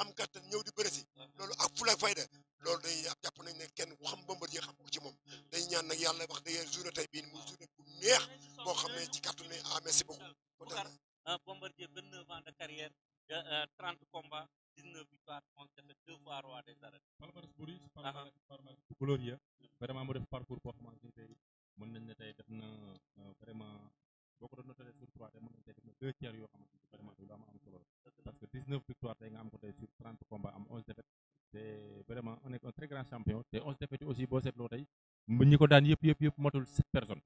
am kattan ñëw di bëre si loolu ak fula ak fayda loolu day jàpp nañ ne kenn ku xam Bombardier xam ko ci moom day ñaan nag yàlla wax dëgg yàlla journée tey bii muy journée bu neex boo xam ne ci kàttu ne ah merci beaucoup. Boucar ah, Bombardier vingt neuf ans de carrière euh, trente on dirait deux fois roi des arènes. palmarès bu riche palmarès palmarès bu glorieux vraiment mu def parcours boo xamante ni tey mën ne tey def na euh, vraiment. boo ko que 19 am ko tey sur 30 combats am daan yëpp yëpp yëpp matul 7 personnes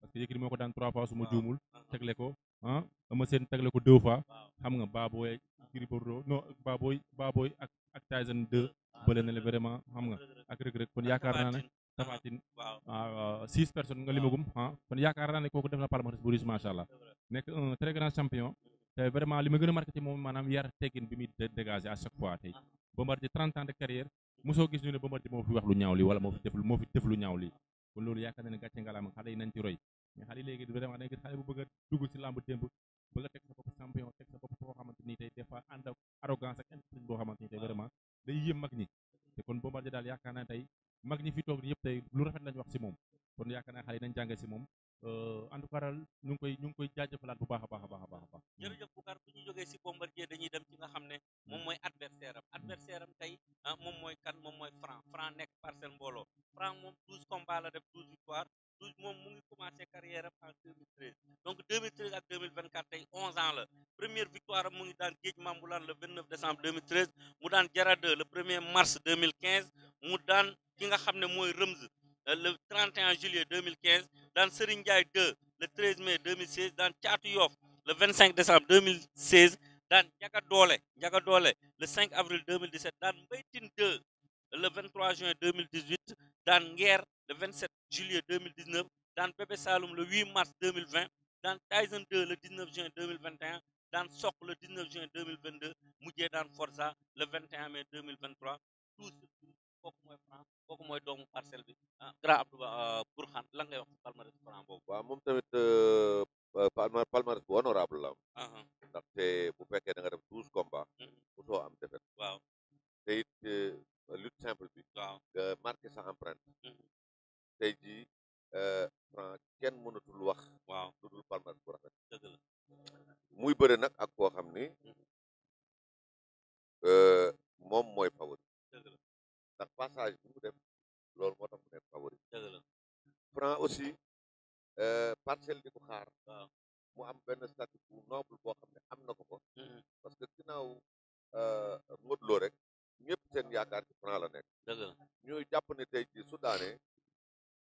parce que Yékini moo ko daan 3 fois su ma ah, ah. tegle ko ah ama seen tegle ko 2 fois xam nga Baboy ah. Gris ak ak Tyson 2 bële na le vraiment xam nga ak Reug Reug kon yaakaar naa ne tafatin ah, waaw six personnes nga limagum ah kon yaakaar naa ne kooku def na palmarès bu riche macha allah nekk un grand champion te vraiment li ma gën a marqué moom maanaam yar teggin bi muy dégager à chaque fois tey ah. Bombardier trente ans de carrière mosoo gis ñu ne Bombardier moo fi wax lu ñaaw li wala moo fi def lu ñaaw li kon loolu yaakaar naa ne gàcce ngalaama xale yi nañ ci roy mais xale yi léegi vraiment da nga xale bu bëgg a dugg ci làmb démb a teg sa bopp champion teg sa bopp foo tey mag ñi fi toog ni yëpp tey lu rafet lañ wax si moom kon yaakaar naa xale nañ jànge si moom euh, en tout cas daal ñu ngi koy ñu ngi koy jaajëfalaat bu a Bombardier dañuy dem ci nga xam ne moom mooy adversaire am tey ah, moom mooy kan moom mooy Franc Franc nekk Parcelles Mbooloo Franc moom douze combats la def douze victoire moom mu ngi commencé carrière am en 2013 donc ak tey onze ans la première victoire mu ngi daan géej Mambulaan le décembre mu daan Jara 2 premier mu daan ki nga xam ne mooy Rëmz le 31 juillet 2015 daan Serigne Ndiaye 2 le 13 mai 2016 daan Caatu Yoff le 25 décembre 2016 daan Njaga Doole Njaga Doole le 5 avril 2017 daan Mbaytin 2 le 23 juin 2018 daan Nguer le 27 juillet 2019 daan Bébé Saloum le 8 mars 2020 daan Tyson 2 le 19 juin 2021 daan Sokh le 19 juin 2022 mujjee daan Forza le 21 kooku mooy Franc kooku mooy doomu parcelle bi mm. ah grand Abdou euh, Bourkhane lan ngay wax ci palmarès Franc boobu. waaw moom tamit euh, palmarès palmarès bu honorable la am. ndaxte bu fekkee da nga def douze combats. bu mm. soo am defet. waaw te it euh, lutte simple bi. waaw sa empreinte. Mm.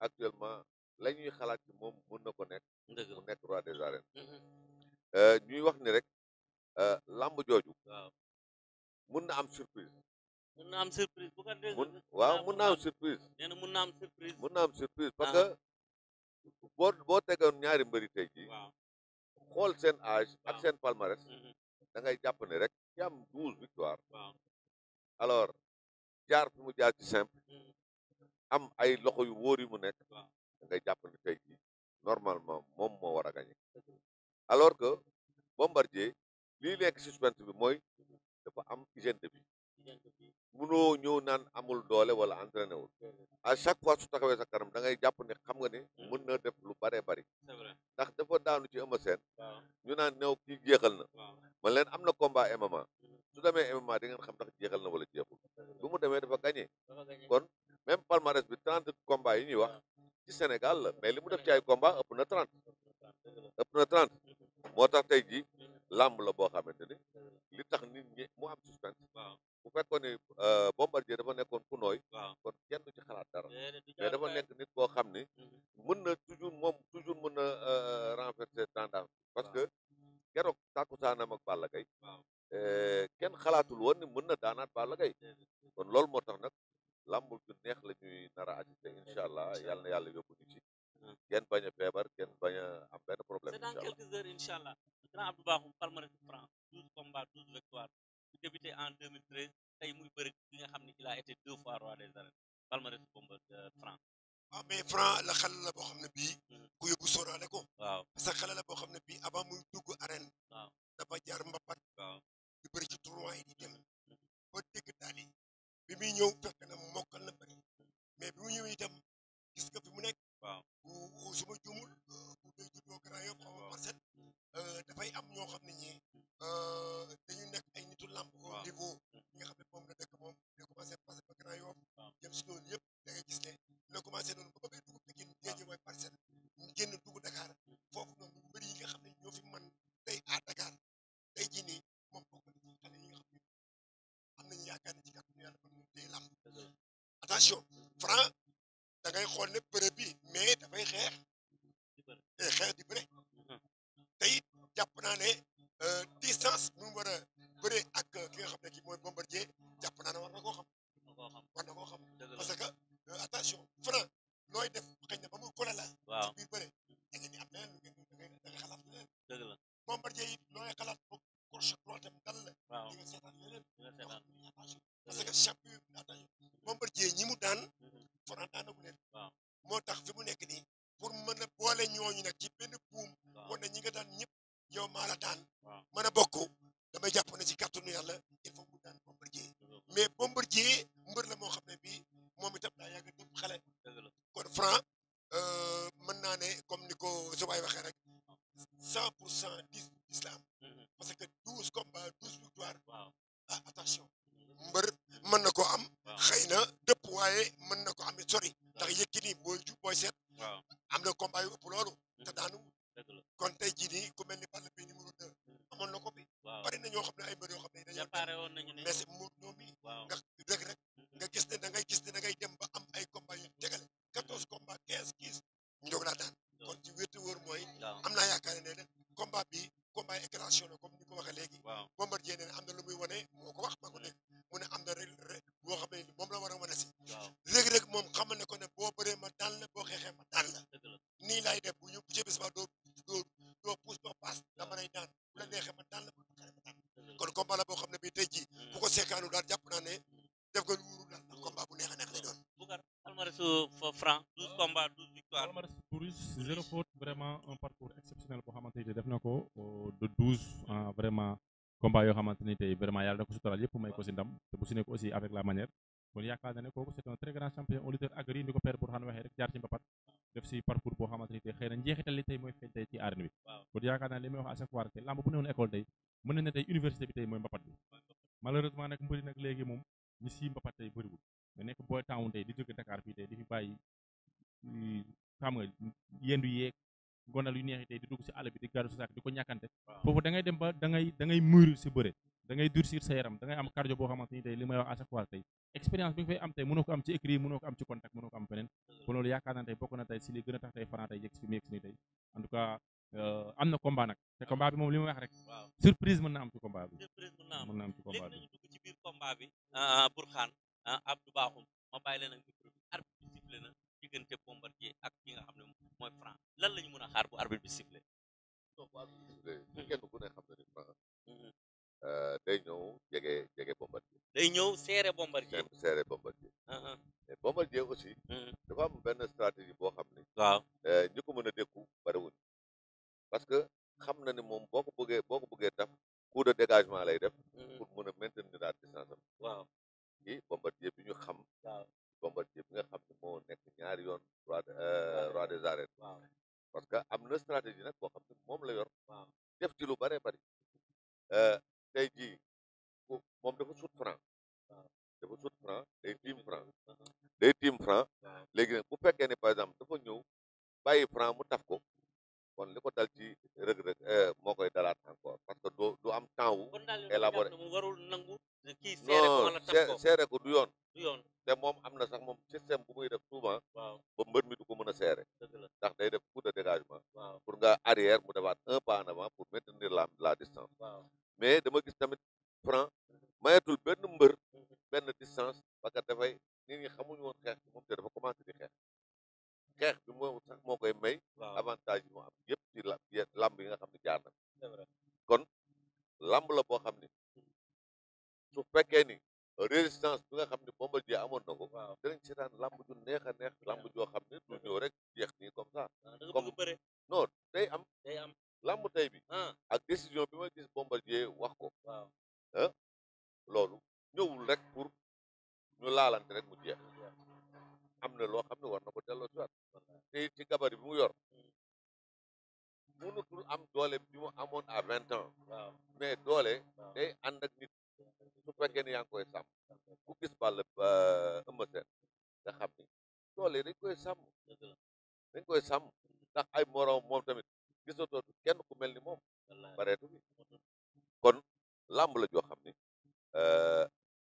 actuellement la ñuy xalaat ci moom mën na ko nekk mu nekk roi des arènes mm-hmm. euh, ñuy wax ni rek euh, làmb jooju waaw mun na am surprise mun am surprise waaw mun na am surprise mun na am surprise mun parce ah. que boo boo tegoon ñaari mbëri tey jii xool seen ak seen palmarès mm-hmm. da jàpp ne rek ci am douze victoire alors jaar fi mu jaar ci simple mm-hmm. am ay loxo yu wóor yi mu nekk da ngay jàpp ne tey jii normalement moom moo war a gagné alors que Bombardier lii nekk suspense bi mooy dafa am hygiène de vie munoo ñëw naan amul doole wala entraîné wul à chaque fois su taxawee sa kanam da jàpp ne xam nga ne hmm. mën na def lu baree bari ndax dafa daanu ci Eumeu Sène ñu naan new kii jeexal na man leen am na combat MMA su demee MMA di xam ndax Sénégal la mais li mu def ci ay combat ëpp na trente moo tax tey ji làmb la boo xamante ne li tax nit ñi mu am suspense bu fekkoon euh, bombardier dafa nekkoon ku nooy kon kenn du ci xalaat dara mais dafa nekk nit boo xam ne mm-hmm. mën na toujours moom toujours mën na euh, renverser tendance parce que keroog tàkkusaanam ak Balla Gaye euh, kenn xalaatul woon ni mën na daanaat Balla Gaye incha allah grand Abdou Bakhoum palmarès de France douze combats douze victoires bu débuté en 2013 tey muy bëri bi nga xam ne il a été deux fois roi des arènes palmarès de combat de France. waaw ah, mais Franc la xale la boo xam ne bii. Hmm. ku yóbbu sóoraale ko. waaw parce que boo xam ne bii avant muy dugg arène. waaw dafa jaar mbapat. waaw di bëri ci tournoi yi di dem. Hmm. ba dégg daal yi bi muy ñëw fekk na mokkal na bëri hmm. mais bi mu ñëwee itam gis fi mu nekk. ma parcelle euh, dafay am ñoo xam ne ñii euh, dañu nekk ay nitu làmb au niveau ñi nga xam ne moom la dëkk moom dina commencé passé ba grand yoof jëm si noonu yëpp da ngay gis ne dina commencé noonu ba ba bay dugg Pikine géej mooy parcelle ñu génn dugg Dakar foofu noonu ñu bëri yi nga xam ne ñoo man tey à Dakar tey jii nii bokk na ci xale yi nga xam ne am nañu yaakaar ne ci kàttanu yàlla mën nañu tey làmb attention Franc da xool ne bërëb mais dafay xeex day xeex di bëre te it jàpp naa ne euh, distance mu war a ak ki xam ne kii mooy bombardier jàpp naa ne koo xam. xam parce que euh, attention Franc looy def xëy na ba mu kole la. waaw ci biir bëre da xalaat leneen. dëgg la bombardier it looy xalaat mu daan. Mm-hmm. Franc daanagu moo tax fi mu nekk nii. pour mën a boole ñooñu nag ci benn buum wan na ñi nga daan ñëpp yow maa la daan mën a bokk damay jàpp ne ci kàttanu yàlla il faut mu daan Bombardier mais Bombardier mbër la moo xam ne bii moom itam daa yàgg dëpp xale kon Franc euh, mën naa ne comme ni ko subaay waxee rek cent pour cent dix islam parce que douze combats douze victoires ah attention mbër mën na ko am xëy na dëpp waaye mën na ko am it sori ndax Yékini booy ju booy seet am na combat yu ëpp loolu te hmm. kon tey jii nii ku mel ni Balla bi numéro deux hmm. amoon na ko a bari na ñoo xam ne ay mbër yoo xam ne dañoo mais mu ñoom yi nga rek rek hmm, nga gis ne da ngay gis ne ngay dem ni def na ko euh, de douze en vraiment combat tey vraiment yàlla da ko sutural yëpp may ko si ndam bu si nekk aussi avec la manière kon yaakaar na ne kooku c'est très grand champion au lutteur agri ni ko père Bourhan waxee rek jaar ci mbapat def si parcours boo xamante tey xëy njeexital li tey mooy feeñ tey ci arène bi kon yaakaar naa li may wax à chaque fois tey lamb bu newoon tey mën na tey université bi tey mooy mbapat bi malheureusement nag gonal yu neexi tey di dugg si àll bi di gàddu sa saak di ko ñàkkante foofu da dem ba da ngay da si bëre da ngay sa yaram da am cardio boo xamante ni tey li may wax à chaque fois tey expérience bi nga fay am tey mënoo ko am ci écrit mënoo ko am ci contact mënoo ko am feneen ba yaakaar naa tey bokk na tey si li gën a tax tey Franc tey yegg si nii tey en euh, am na combat nag te combat bi moom li may wax rek mooy franc lañu mën a xaar bu arbitre bi sifflé non bu kenn ku ne xam na ni franc mhm. euh, day ñëw jege jege bombardier day ñëw seere bombardier seere bombardier mais uh-huh. bombardier aussi mhm. dafa am benn stratégie boo xam ni waaw euh, ñi ko mën a dékku bariwuñ parce que xam na ni moom boo ko bëggee boo ko coup de dégagement lay def mhm. pour mën a maintenir à waaw kii bombardier bi ñu xam combat bi nga xam moo nekk ñaari yoon roi euh, roi des arènes parce que am na stratégie nag boo xam ne moom la yor def ci lu bare bari hmm. euh, tey jii moom dafa sut franc dafa sut franc day tiim franc day tiim franc fekkee ne par exemple dafa ñëw bàyyi franc mu taf ko kon li ko dal ci rëg rëg euh, moo koy dalaat encore parce que du du am temps wu élaboré warul du yoon nur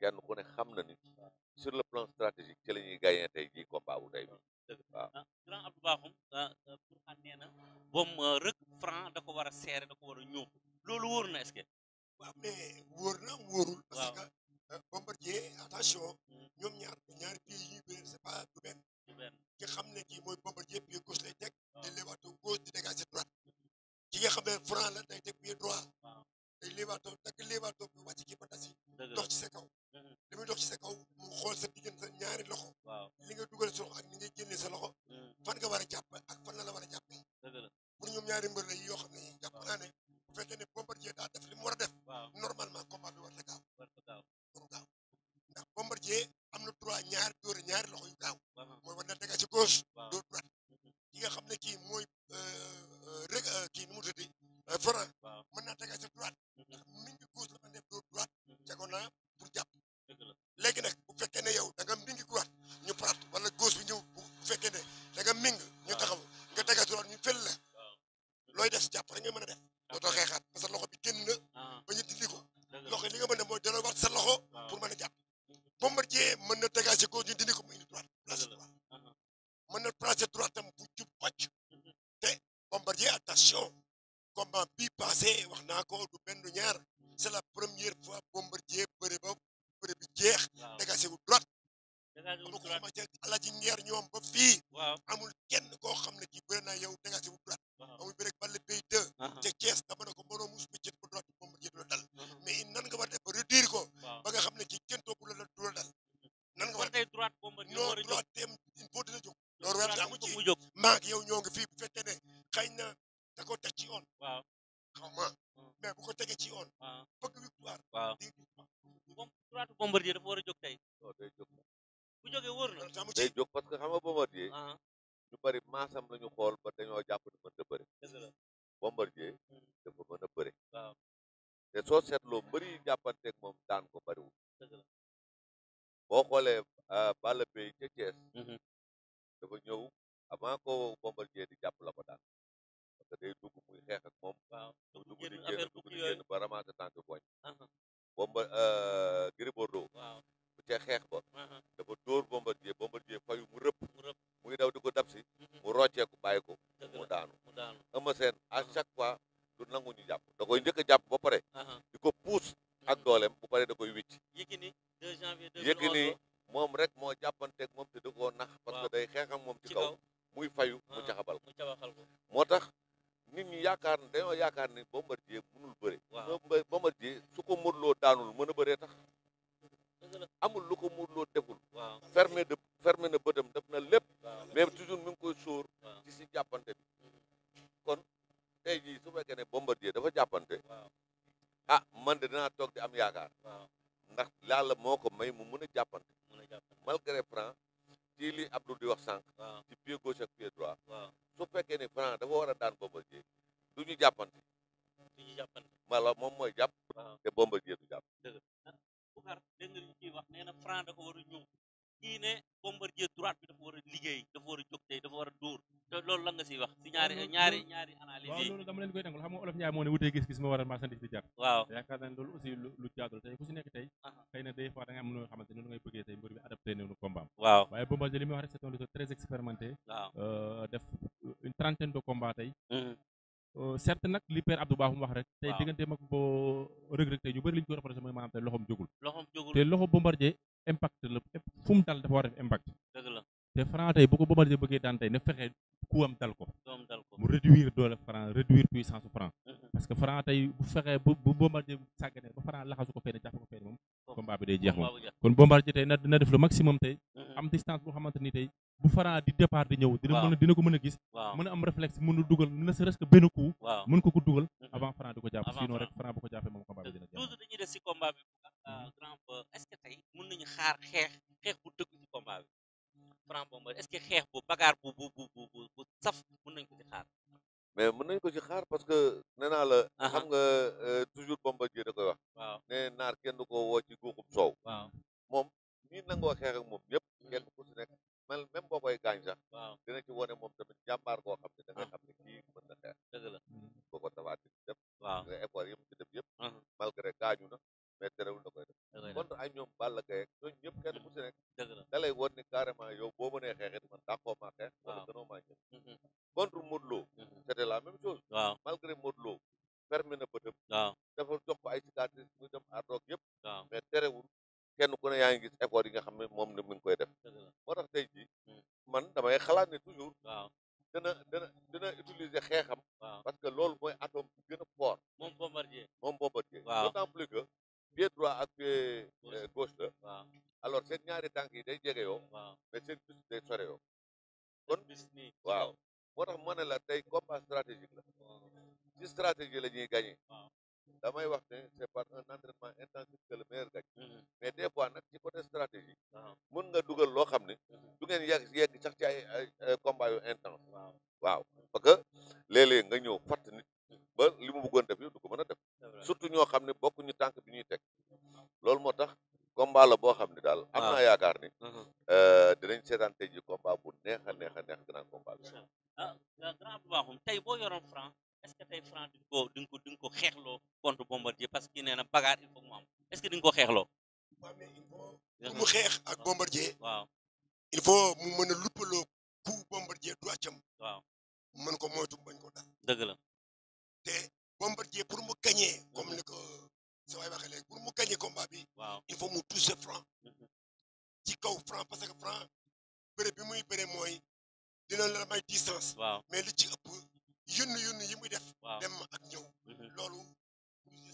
kenn ku ne xam na ni sur le plan stratégique ci la ñuy gagné tey jii combat bu tey bi waaw ah, grand Abdou Bakhoum pour an nee na euh, rek franc da ko war a seere da ko war a ñëw loolu woor na est-ce que waaw mais wóor na wóorul parce que euh, Bombardier attention hmm. ñoom ñaar ñaari pieds c'est pas du benn ki xam ne kii mooy Bombardier pied gauche lay teg di nga xam teg pied droit day léewaatoo dagg léewaatoo bi wàcc ba tas dox ci sa kaw li muy dox ci sa kaw mu xool sa diggante sa ñaari loxo li nga dugal sa loxo ak ni ngay sa loxo mm. fan nga war a jàpp ak fan la la war a jàppee pour ñoom ñaari mbër la yoo xam ne jàpp naa ne mën na tegaat si ko ko ak yow ñoo ngi fii bu ne xëy na da ko teg ci yoon. waaw xaw ma mm. mais bu ko tegee ci yoon. bëgg dafa war a jóg tey. non bu jógee wóor na. day jóg parce que xam nga bombardier. Ah. ñu bari maasam la ñu xool ba dañoo jàpp ne mën na bëri. bombardier mm. dafa mën seetloo mbëri yi jàppanteeg moom daan ko bariwul. boo xoolee euh, Balla Beye ca mm-hmm. dafa ñëw avant koo Bombardier di jàpp la ko daan parce que day dugg muy xeex ak moom. waaw dugg di génn dugg di génn ba ramasse tànk poñ. bomba euh, Gris Bordeaux. waaw bu ca xeex ba. dafa dóor Bombardier Bombardier fayu mu rëpp. mu ngi daw di ko dab si. Mhm. mu rocceeku bàyyi ko. mu daanu mu à chaque fois du nangu ñu jàpp da koy de dinaa toog di am yaakaar. ndax yàlla moo ko may mu mën a jàppante. Franc ci li Abdou di wax sànq. ci pied gauche droit. su fekkee ne Franc dafa war a daan boobu. wuutee gis-gis moo waral marchandise bi jar waaw yaakaar naa ne loolu aussi lu jaadul tey ku si nekk tey xëy na tey mbir bi adapté noonu combat li muy wax rek euh, tey mm-hmm. euh, Ba mu wax rek tey diggante mag boo rëg-rëg tey ñu bëri li ñu ko reproché mooy maanaam tey loxoom loxo Bombardier impact la dal dafa war a impact te Franc tey bu ko Bombardier bëggee daan tey na fexe kuwam dal ko mu réduire doole Franc réduire puissance Franc mm-hmm. parce que Franc tey bu fexee bu Bombardier sàggane ba Franc laxasu ko fenn jàpp ko fenn moom kon Bombardier tey na def le maximum tey mm-hmm. am distance boo xamante tey bu Franc di départ di ñëw dina a dina ko mën a gis mën a am réflexe mën dugal ne serait-ce benn coup mën ko ko dugal mm-hmm. avant Franc di ko jàpp sinon rek Franc bu ko Franc Bombardier est-ce que mmh. xeex bu bagaar bu bu bu saf mën nañ ko ci xaar. mais mën nañ ko ci xaar parce que nee naa la. xam nga euh, toujours Bombardier da koy wa waaw nee naar kenn du ko woo ci guuxum soow. waaw moom ñi nangoo xeex ak moom ñëpp mmh. kenn ku ci nekk man même koy gaañ sax. waaw ci wane moom tamit jàmbaar koo xam ne da ah. xam ne kii mmh. ko tawaat di def. waaw nga effort malgré gaañu na mais terewul da koy def. contre ay ñoom Balla Gaye ñooñu kenn woon ni carrément yow boo mënee xeexit day sorewo kon waaw moo tax ma ne la tey combat stratégique la ci stratégie la ñuy gagné damay wax ne c'est par un entraînement intensif que le meilleur gagne mais des fois nag ci côté stratégie mën nga dugal loo xam ne du ngeen yegg yegg sax ci ay combat yu intense waaw parce que léeg nga ñëw fatt nit ba li mu bëggoon def yow du ko mën a def surtout ñoo xam ne bokkuñu tànk bi ñuy teg loolu moo tax combat la boo xam ne daal am ah. naa yaakaar ni euh, dinañ seetaan tey bu neex a a neex grand combat bi ah, euh, tey boo yoroon franc est tey franc di ko di nga ko di nga ko xeexloo contre bombardier parce que nee na bagaar il faut mu am ko xeexloo xeex ak bombardier waaw il faut mu mën a luppaloo coup bombardier du accam waaw mën ko moytu bañ ko daal dëgg la te bombardier pour mu gagner comme ni sa waay waxee léegi pour mu gagner combat waaw il faut mu toucher Franc. Mm-hmm. ci kaw Franc parce que Franc bëre bi muy bëre mooy dina la may distance. waaw mais li ci ëpp yunn yunn yi muy def. dem ak ñëw. Mm-hmm. loolu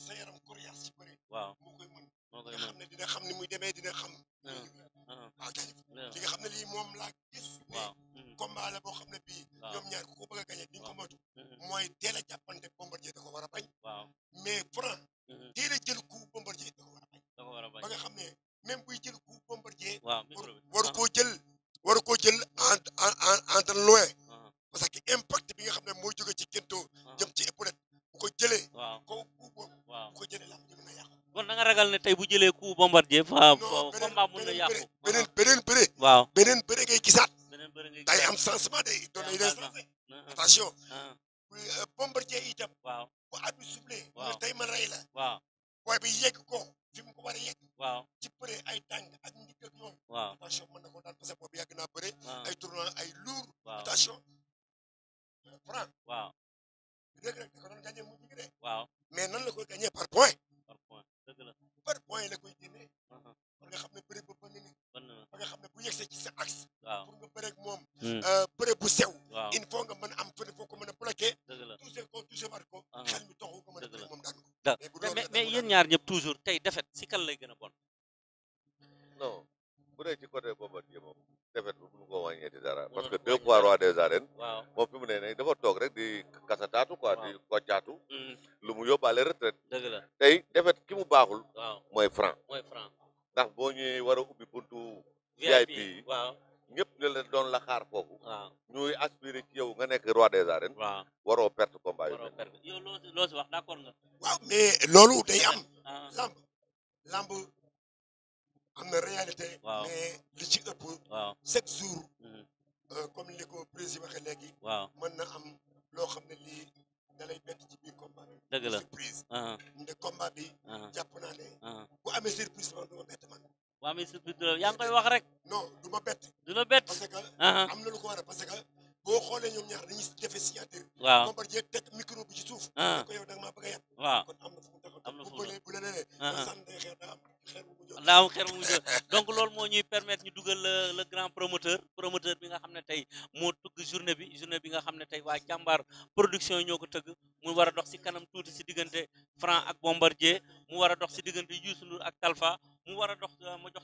sa yaram coriace ci waaw moo koy mën. nga xam xam ni muy demee dina xam. li ah, ah. nga xam ne lii moom laa gis. waaw mm-hmm. combat la boo xam ne bii. ñoom ñaar ku ko bëgg a gagner di nga mooy teel a jàppante Bombardier da ko war a bañ. mais Franc. teel a jël coup bombardier da war a bañ. ko a xam ne même buy jël coup bombardier. waaw waru koo jël waru koo jël en en en en loin. parce que impact bi nga xam ne moo jóge ci gento jëm ci épaulette bu ko jëlee. waaw kaw coup boobu. waaw bu ko jëlee làmb ji a yàqu. ne tey bu jëlee coup bombardier. fa combat mën na yàqu beneen beneen bëre. waaw beneen bëre ngay gisaat. beneen i ngay gisaat day am changement day doon day changé. attention. Euh, bombardier itam. waaw bu at bi soufflé. waaw tey man rey booy bi yegg ko fi mu ko war a yegg. waaw ci bëre ay tàng ak ndigg ak yooyu. waaw attention mën na ko daan parce que boobu yàgg naa bëre. ay tournoi ay lourd. waaw attention. Euh, franc. waaw. dëgg la ko doon gagné mu ngi de. mais nan la koy gagné par point. par point la. koy génnee. Uh-huh. ba nga xam ne bëre ba mën waaw moom. Hmm. Euh, bëre bu sew. waaw il faut nga mën am fële foo ko mën a ko touché waat ko. Ah. xel mi toxu a bëri moom daan mais mais ñaar ñëpp toujours tey defet si kan lay gën a bon. non bu dee ci côté Bombardier moom defet bi mënu koo wàññeeti dara. parce que deux fois roi des arènes. moom fi mu ne dafa toog rek di kasataatu quoi di koccaatu. Hmm. lu mu yóbbaale retraite. dëgg la tey defet ki mu baaxul. waaw mooy franc. ndax boo ñuy war a ubbi buntu VIP yi waaw ñëpp nga doon la xaar foofu waaw ñuy aspirer ci yow nga nekk roi des arènes waaw waroo perte combat yu mel yow loo si wax d'accord nga waaw mais loolu day am ah. lamb lamb am na réalité li ci ëpp waaw sept jours hmm. euh, comme li ko léegi waaw mën na am loo xam ne lii da lay bett ci biir bi dëgg la surprise ah. ah. amee surprise man duma waa mais surtout yaa ngi koy wax rek. non du ma bett. du la bett uh-huh. am na lu ko waral parce que boo xoolee ñoom ñaar dañuy defe signature. waaw Bombardier teg micro bi ci suuf. Uh-huh. ko a yab. am na fu mu taxaw am na mu taxaw bu uh-huh. am xeer bu mu donc loolu moo ñuy permettre ñu dugal le grand promoteur promoteur bi nga xam ne tey moo tugg journée bi journée bi nga xam ne tey waa jàmbaar production yi ñoo ko tëgg mu war dox si kanam tuuti si diggante Franc ak Bombardier war a dox si diggante Youssou Ndour ak Talfa mu war a dox ma jox